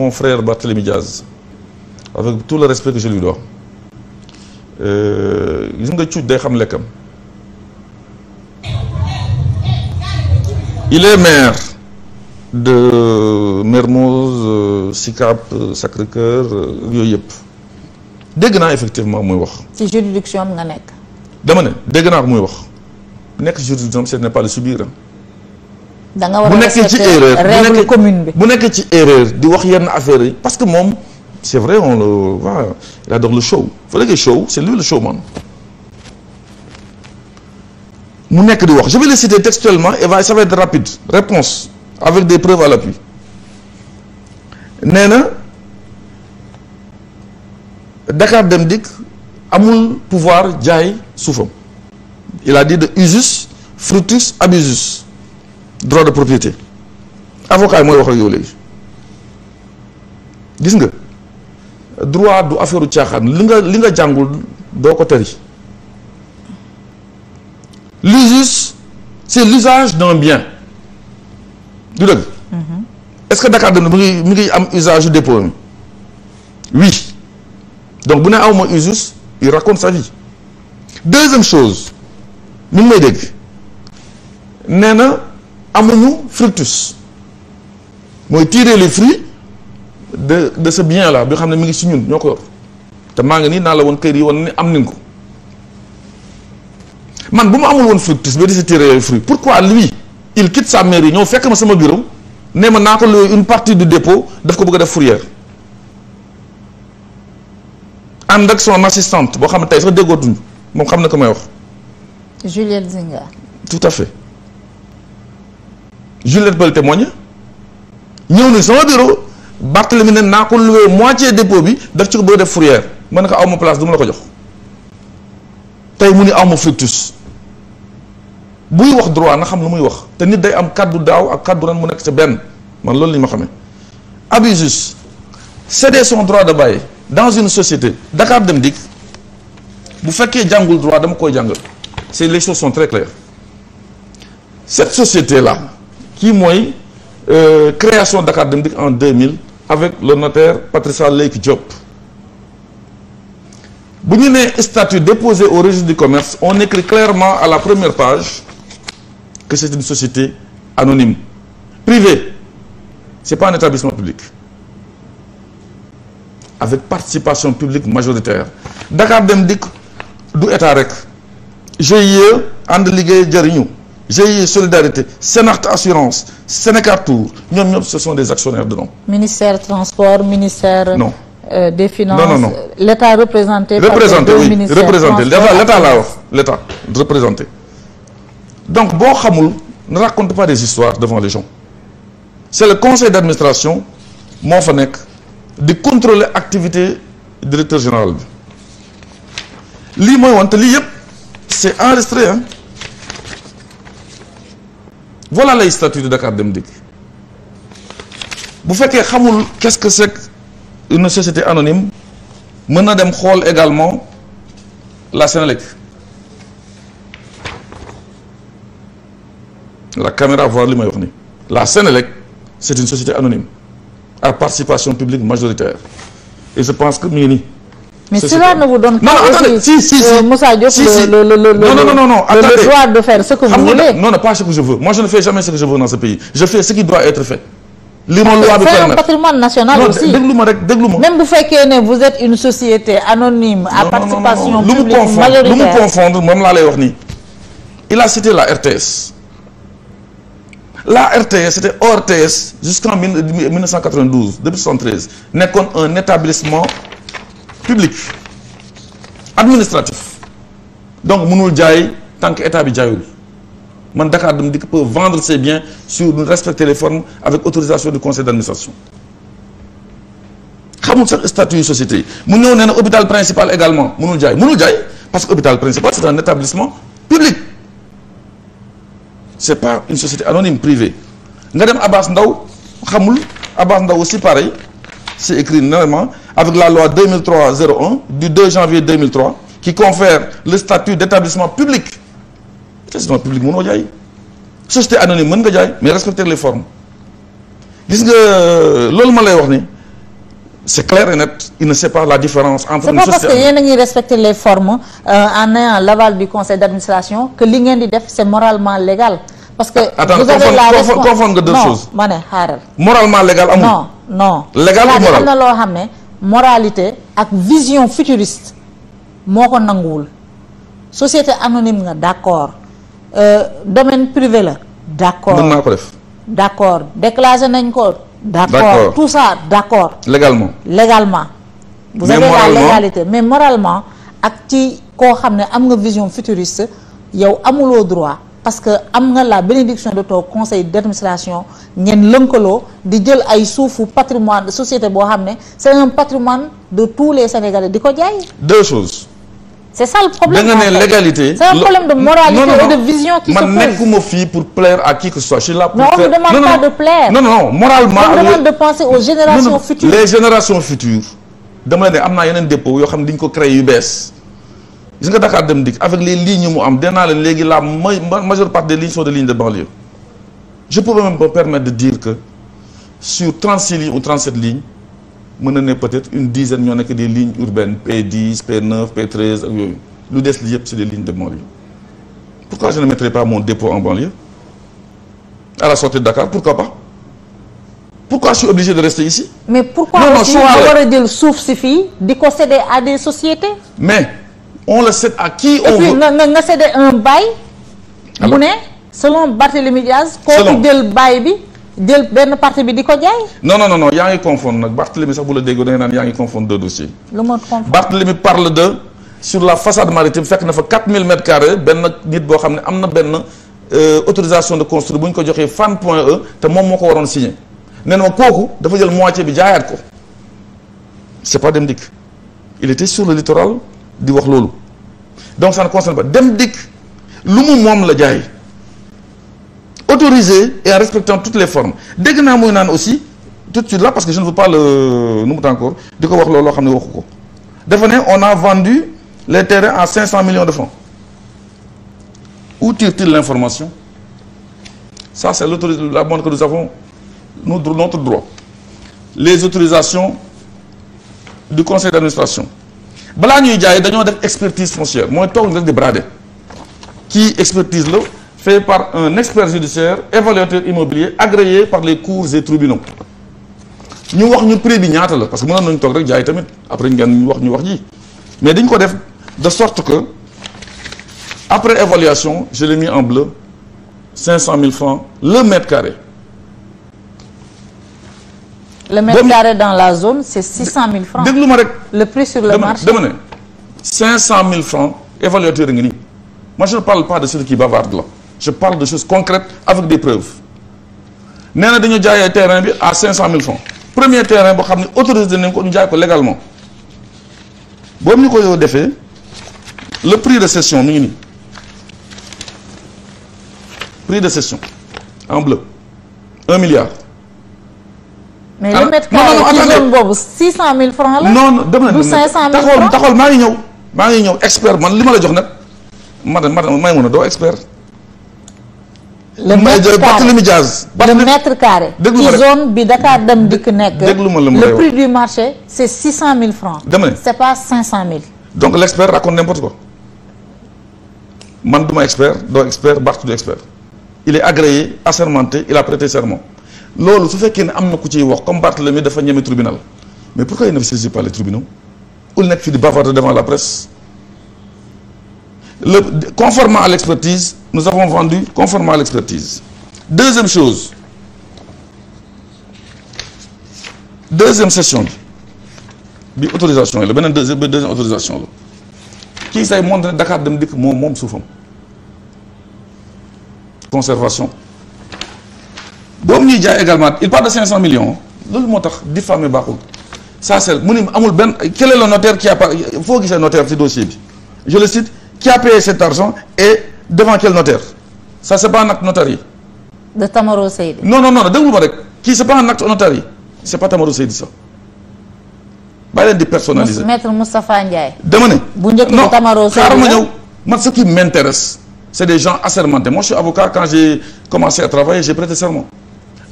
mon frère Barthélémy Diaz avec tout le respect que je lui euh, nga cuuj day xam lekkam il est maire de Mermoz euh, Sicap euh, Sacré-Cœur yooyu yëpp dégg naa effectivement muy wax. ci juridiction am nga nekk. dama ne dégg naa muy wax nekk juridiction ce n'est pas le subir da nga war a respecter commune bi bu nekk ci erreur di wax yenn affaire yi parce que moom c'est vrai on le voit il adore le show il faut show c'est lui le showman mu nekk di wax je vais le textuellement et va ça va être rapide réponse avec des preuves à l'appui nee na Dakar Dem Dikk amul pouvoir jaay suufam il a dit de usus fructus abusus droit de propriété avocat yi mooy wax ak yow gis nga droit du affaire caaxaan li nga li nga jàngul doo ko teri l'usus c'est l'usage d'un bien du dëgg mm-hmm. est-ce que Dakar dem na mu ngi mu ngi am usage yu dépôt mi oui donc bu ne awma usus il raconte sa vie deuxième chose mi may dégg nee na amuñu fructus mooy tirer les fruits de de ce bien là bi xam ne mi ngi si ñun ñoo ko yor maa ngi nii naa la woon kër yi woon ni am nañ ko man bu ma amul woon fructus ba di si tirer les fruits pourquoi lui il quitte sa mairie ñëw fekk ma sama bureau nee ma naa ko une partie du dépôt daf ko bëgg def fourrière ànd ak son assistante boo xam ne tey sax déggootuñu moom xam na ko may wax. Juliette Juliette Bal témoigne ñëw na sama bureau Barthélemy ne naa ko loué moitié dépôt bi daf ci ko bëgg def fourrière ma ne ko aw ma duma la ko jox tey mu ni aw ma fructus buy wax droit na xam lu muy wax te nit day am kàddu daaw ak kàddu ren mu nekk ca benn man loolu la ma xamee abusus céder son droit de bail dans une société Dakar Dem Dikk bu fekkee jàngul droit dama koy jàngal c'est les choses sont très claires cette kii mooy euh, création Dakar Dem Dikk en 2000 avec le notaire Patricia Leyki Diop bu ñu nee statut déposé au registre du commerce on écrit clairement à la première page que c'est une société anonyme privée c'est pas un établissement public avec participation publique majoritaire Dakar Dem Dikk du état rek GIE ànd liggéey jëriñu GIE Solidarité Sénart Assurance Sénécartour ñoom ñoom ce sont des actionnaires de nom. ministère transport ministère. non euh, des finances. non non non l'État représenté. représenté oui représenté l'État laa wax l'État représenté. donc boo xamul ne raconte pas des histoires devant les gens c'est le conseil d'administration moo fa nekk di contrôler activité directeur général bi lii mooy wante lii yëpp c'est enregistré hein. voilà les statuts de Dakar Dem Dikk bu fekkee xamul quest que c'est une société anonyme mën na dem xool également la Sénélec la caméra voir li may wax ni la Sénélec c'est une société anonyme à participation publique majoritaire et je pense que mi mais cela ne vous donne pas aussi euh, Moussa Diop le le le le droit de faire ce que vous voulez non pas ce que je veux moi je ne fais jamais ce que je veux dans ce pays je fais ce qui doit être fait li ma loi bi patrimoine national aussi même bu fekkee ne vous une société anonyme à participation publique majoritaire moom lay wax nii il a cité la RTS la RTS c'était ORTS jusqu'en 1992 depuis 73 un établissement public administratif donc mënul jaay tant que état bi jaayul man Dakar de Dikk peut vendre ses biens sur ñu respecter les formes avec autorisation du conseil d'administration xamul sax statut yu société yi mu ñëw nee opital hôpital principal également mënul jaay mënul jaay parce que hôpital principal c'est un établissement public c'est pas une société anonyme privée nga dem Abbas Ndaw xamul Abbas Ndaw aussi pareil c'est écrit normalement avec la loi 2003-01 du 2 janvier 2003 qui confère le statut d'établissement public établissement public mënoo jaay société anonyme mën nga jaay mais respecter les formes gis nga loolu ma lay wax ni c'est clair et net il ne sait pas la différence en une société c'est pas que yéen a ngi respecter les formes euh, en ayant l'aval du conseil d'administration que li ngeen di def c'est moralement légal parce que ah, Attends, vous avez la responsabilité confondre nga deux choses non xaaral moralement légal moralité ak vision futuriste moo ko nanguwul société anonyme nga d'accord euh, domaine privé la d'accord man maa ko def d'accord nañ ko d'accord tout ça d'accord légalement légalement vous mais moralement... mais moralement ak ci koo xam ne am nga vision futuriste yow amuloo droit parce que am nga la bénédiction de ton conseil d'administration ngeen lënkaloo di jël ay suufu patrimoine société boo xam ne c'est un patrimoine de tous les Sénégalais di ko jaay. deux choses. c'est ça le problème da nga ne légalité. c'est un problème de moralité de vision qui se pose pour plaire à qui que ce soit je suis là pour. non de plaire. non non moralement. on demande de penser aux générations futures. les générations futures dama leen ne am naa yeneen dépôt yoo xam ne dañu ko créer yu bees. gis nga Dakar dem dikk avec les lignes mu am dinaa leen léegi la majeure partie des lignes sont des lignes de banlieue je pourrais même me permettre de dire que sur 36 lignes ou 37 lignes mën na ne peut-être une dizaine ñoo nekk P10 P9 P13 ak yooyu lu des li yëpp c'est des lignes de banlieue pourquoi je ne mettrai pas mon dépôt en banlieue à la sortie Dakar pourquoi pas pourquoi je suis de rester ici. mais pourquoi non non su ma war a suuf si fii di ko céder à des sociétés. on le cède à qui on veut. et puis nga nga cédé un bu ne selon Barthélémy Diaz. selon kooku jël bail bi jël benn partie bi di ko jaay. non non non yaa ngi confondre nag Barthélémy sax bu la déggoo da naan yaa ngi confondre deux dossiers. lu ma confondre Barthélémy parle de sur la façade maritime fekk na fa 4000 mètres benn nit boo xam ne am na benn. Euh, autorisation de construire bu ñu ko joxee fan point E te moom moo ko waroon signé nee na ma kooku dafa jël moitié bi jaayaat ko c'est pas dem dikk il était sur le di wax loolu donc ça ne concerne pas dem dikk lu mu moom la jaay autorisé et en respectant toutes les formes dégg naa muy naan aussi tout de suite là parce que je ne veux pas le nu encore di ko wax loo loo xam ne waxu ko dafa on a vendu les terrains à 500 millions de francs où tire-t-il l'information ça c'est l'autorisation la bonne que nous avons notre droit les autorisations du conseil d'administration balaa ñuy jaay dañoo def expertise foncière mooy toog rek di brader kii expertise la fait par un expert judiciaire évaluateur immobilier agréé par les cours et tribunaux ñu wax ñu prix bi ñaata la parce que mënoon nañu toog rek jaay tamit après ngeen wax ñu wax ji mais dañ ko def de sorte que après évaluation je l'ai mis en bleu 500 000 francs le mètre carré. le mètre carré dans la zone c'est 600 a francs. déglu ma rek le prix sur le marché dama ne dama ne 500 000 francs évaluateur ngi nii moi je ne parle pas de celui qui bavarde là je parle de choses concrètes avec des preuves nee na dañu jaayee terrain bi à 500 000 francs premier terrain boo xam ne autorisé nañ ko ñu jaay ko légalement boobu ñu ko yow le prix de cession mi ngi prix de cession en bleu mais le mètre carré ci zone boobu 600000 francs la. non dama ne taxawal taxawal maa ngi ñëw. maa ngi ñëw expert man li ma la jox nag madame madame may mun a doo expert. le mètre carré li mu jaaz. le mètre carré. déglu ma ci zone bi Dakar dem dikk nekk. déglu ma la le prix du marché c' est 600000 francs. dama ne c' est pas 500000. donc l' expert raconte n'importe quoi man du ma expert doo expert Barth du expert il est agréé assermenté il a prêté serment. loolu su fekkee ne am na ku ciy wax comme Barthélemy dafa ñeme tribunal mais pourquoi il ne saisit pas les tribunaux au nekk fi di bavarder devant la presse le conformément à l'expertise nous avons vendu conformément à l'expertise deuxième chose deuxième session bi bi yi la beneen deuxième deuxième autorisation la kii say moom ne Dakar dem dikk moom moom suufam conservation ñuy jaay également il parle de millions loolu moo tax diffamé baaxul saa sa mu ni amul benn quel est le notaire qui a pas foo gisee notaire ci dossier bi je le cite qui a payé cet argent et devant quel notaire ça c'est pas un acte notarié. de Tamaro Seydi. non non non déglu ma rek kii c'est pas un acte notarié c'est pas Tamaro Seydi ça. bàyyi leen di personnaliser maître Moustapha Ndiaye. dama ne. bu njëkk bi Tamaro Seydi de ma ñëw man ce qui m'intéresse c'est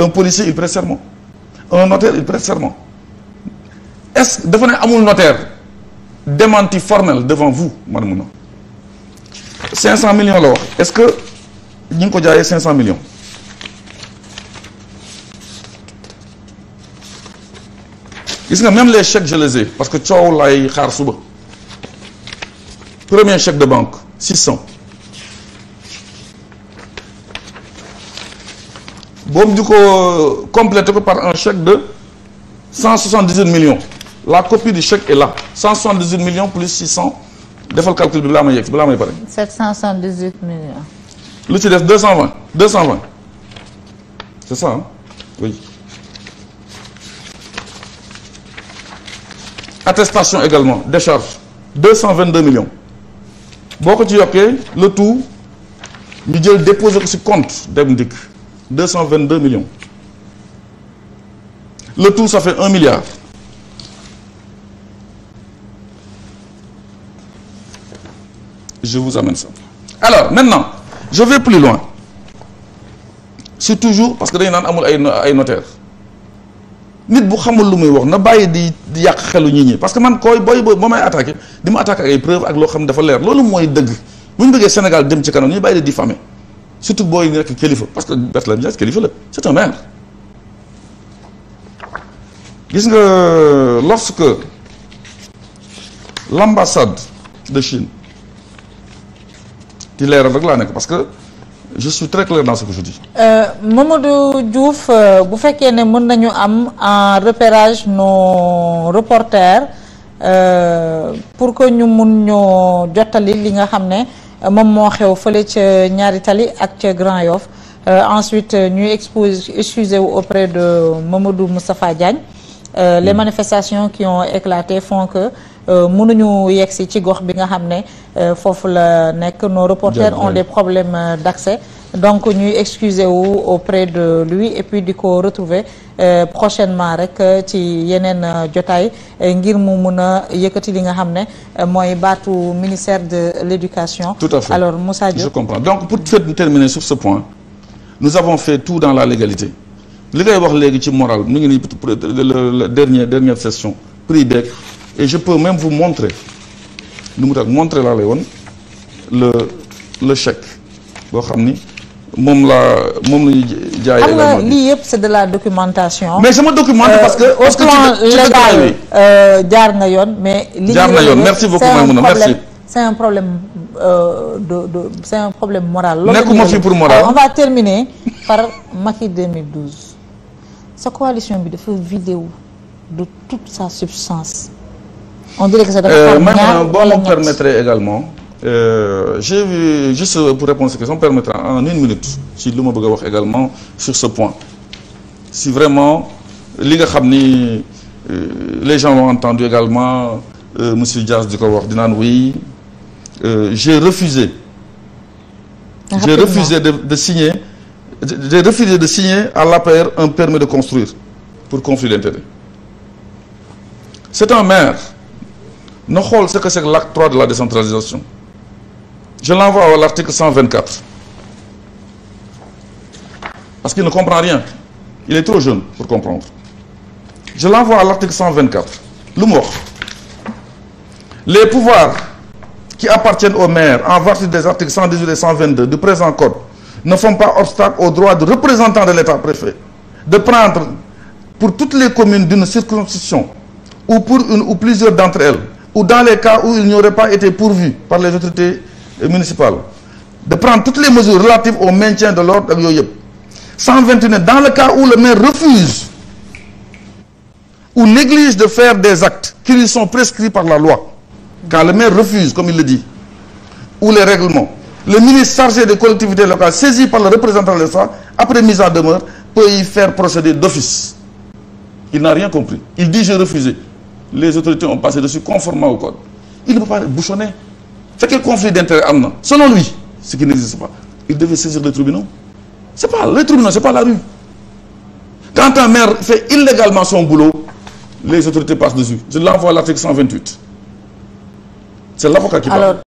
un policier il prête serment un notaire il prête serment est dafa ne amul notaire démenti formel devant vous man mun na millions la wax est-ce que ñi ngi ko jaayee 500 millions gis nga même les chèques je les ai parce que coow laay xaar suba premier chèque de banque 600. boobu ñu ko complété ko par en chèque de cent soixante-dix-huit millions la copie du chèque est là cent soixante-dix-huit millions plus six cent defal calcul bi balaa may yegg balaa may pare. sept cent soixante-dix-huit millions. lu ci def deux cent vingt deux cent vingt c'est ça hein? oui. attestation également décharge deux cent vingt-deux millions boo ko ci yokkee le tout ñu jël déposé ko ci compte Dem deux cent vingt deux millions le tout ça fait un milliard je vous amène ça alors maintenant je vais plus loin c'est toujours parce que dañu naan amul ay ay notaire nit bu xamul lu muy wax na bàyyi di di yàq xelu nit ñi parce que man koy booy boo may attaqué di ma attaqué ak ay ak loo xam ne dafa leer loolu mooy dëgg bu ñu bëggee Sénégal dem ci kanam ñu bàyyi di diffamer surtout booy nekk kilifa parce que Barthélémy Dias kilifa la c'est un maire gis nga lorsque l'ambassade de Chine di leeral rek laa nekk parce que je suis très clair dans ce que je dis. Euh, Mamadou Diouf euh, bu fekkee ne mën nañu am en repérage nos reporters euh, pour que ñu mun ñoo jottali li nga xam ne. moom moo xew fële ca ñaari tali ak ca Grand Yoff euh, ensuite euh, ñuy expose excusé wu auprès de Mamadou Moustapha Diagne euh, les mm. manifestations qui ont éclaté font que mënuñu yegsi ci gox bi nga xam ne Euh, foofu la nekk nos reporters ont des problèmes euh, d'accès donc ñu excuser wu auprès de lui et puis di ko retrouver euh, prochainement rek ci yeneen jotaay ngir mu mun a yëkkati li nga xam ne mooy baatu ministère de l'éducation. tout à fait alors Moussa Diop je comprends donc pour terminer sur ce point nous avons fait tout dans la légalité li ngay wax léegi ci moral mu ngi nii dernier dernière session prix beeg et je peux même vous montrer. lu mu tax montré laa lay woon le chèque boo xam ni moom laa moom la ñuy jaayee. xam nga lii yëpp c'est de la documentation. mais sama document parce que. Euh, parce que euh, jaar na yoon mais. li jaar na yoon merci beaucoup Maïmouna c'est un problème euh, de de c'est un problème moral. loolu nekkuma fi pour moral on va terminer par Macky sa coalition bi dafa vidéo de toute sa substance. on dirait que ça euh, également euh, j'ai vu juste pour répondre à cette question permettra en une minute si lu ma bëgg wax également sur ce point si vraiment li nga xam ni euh, les gens l'ont entendu également euh, monsieur Dias di ko wax di naan oui j'ai refusé ah, j'ai refusé de, de signer j'ai refusé de signer à l'APR un permis de construire pour conflit d'intérêt c'est un maire na xool ce que c'est l'acte 3 de la décentralisation je l'envoie à l'article 124 parce qu'il ne comprend rien il est trop jeune pour comprendre je l'envoie à l'article 124 lu mu wax les pouvoirs qui appartiennent au maire en vertu des articles 118 et 122 du présent code ne font pas de l'État préfet de prendre pour toutes les communes d'une circonscription ou pour une ou plusieurs d'entre ou dans les cas où ils n'auraient pas été pourvus par les autorités municipales de prendre toutes les mesures relatives au maintien de l'ordre ak yooyu yëpp 121 dans le cas où le maire refuse ou néglige de faire des actes qui lui sont prescrits la loi quand le maire refuse comme il le le ministre chargé des collectivités locales saisi par le représentant de l'État après mise en demeure peut y faire procéder d'office il n'a rien les autorités ont passé dessus conformément au code il ne peut pas bouchonner fekkee conflit d'intérêt am na selon lui ce qui n'existe pas il devait saisir les tribunaux c'est pas les tribunaux c'est pas la rue quand un maire fait illégalement son boulot les autorités passent dessus je l'envoie à l'article 128 c'est l'avocat qui parle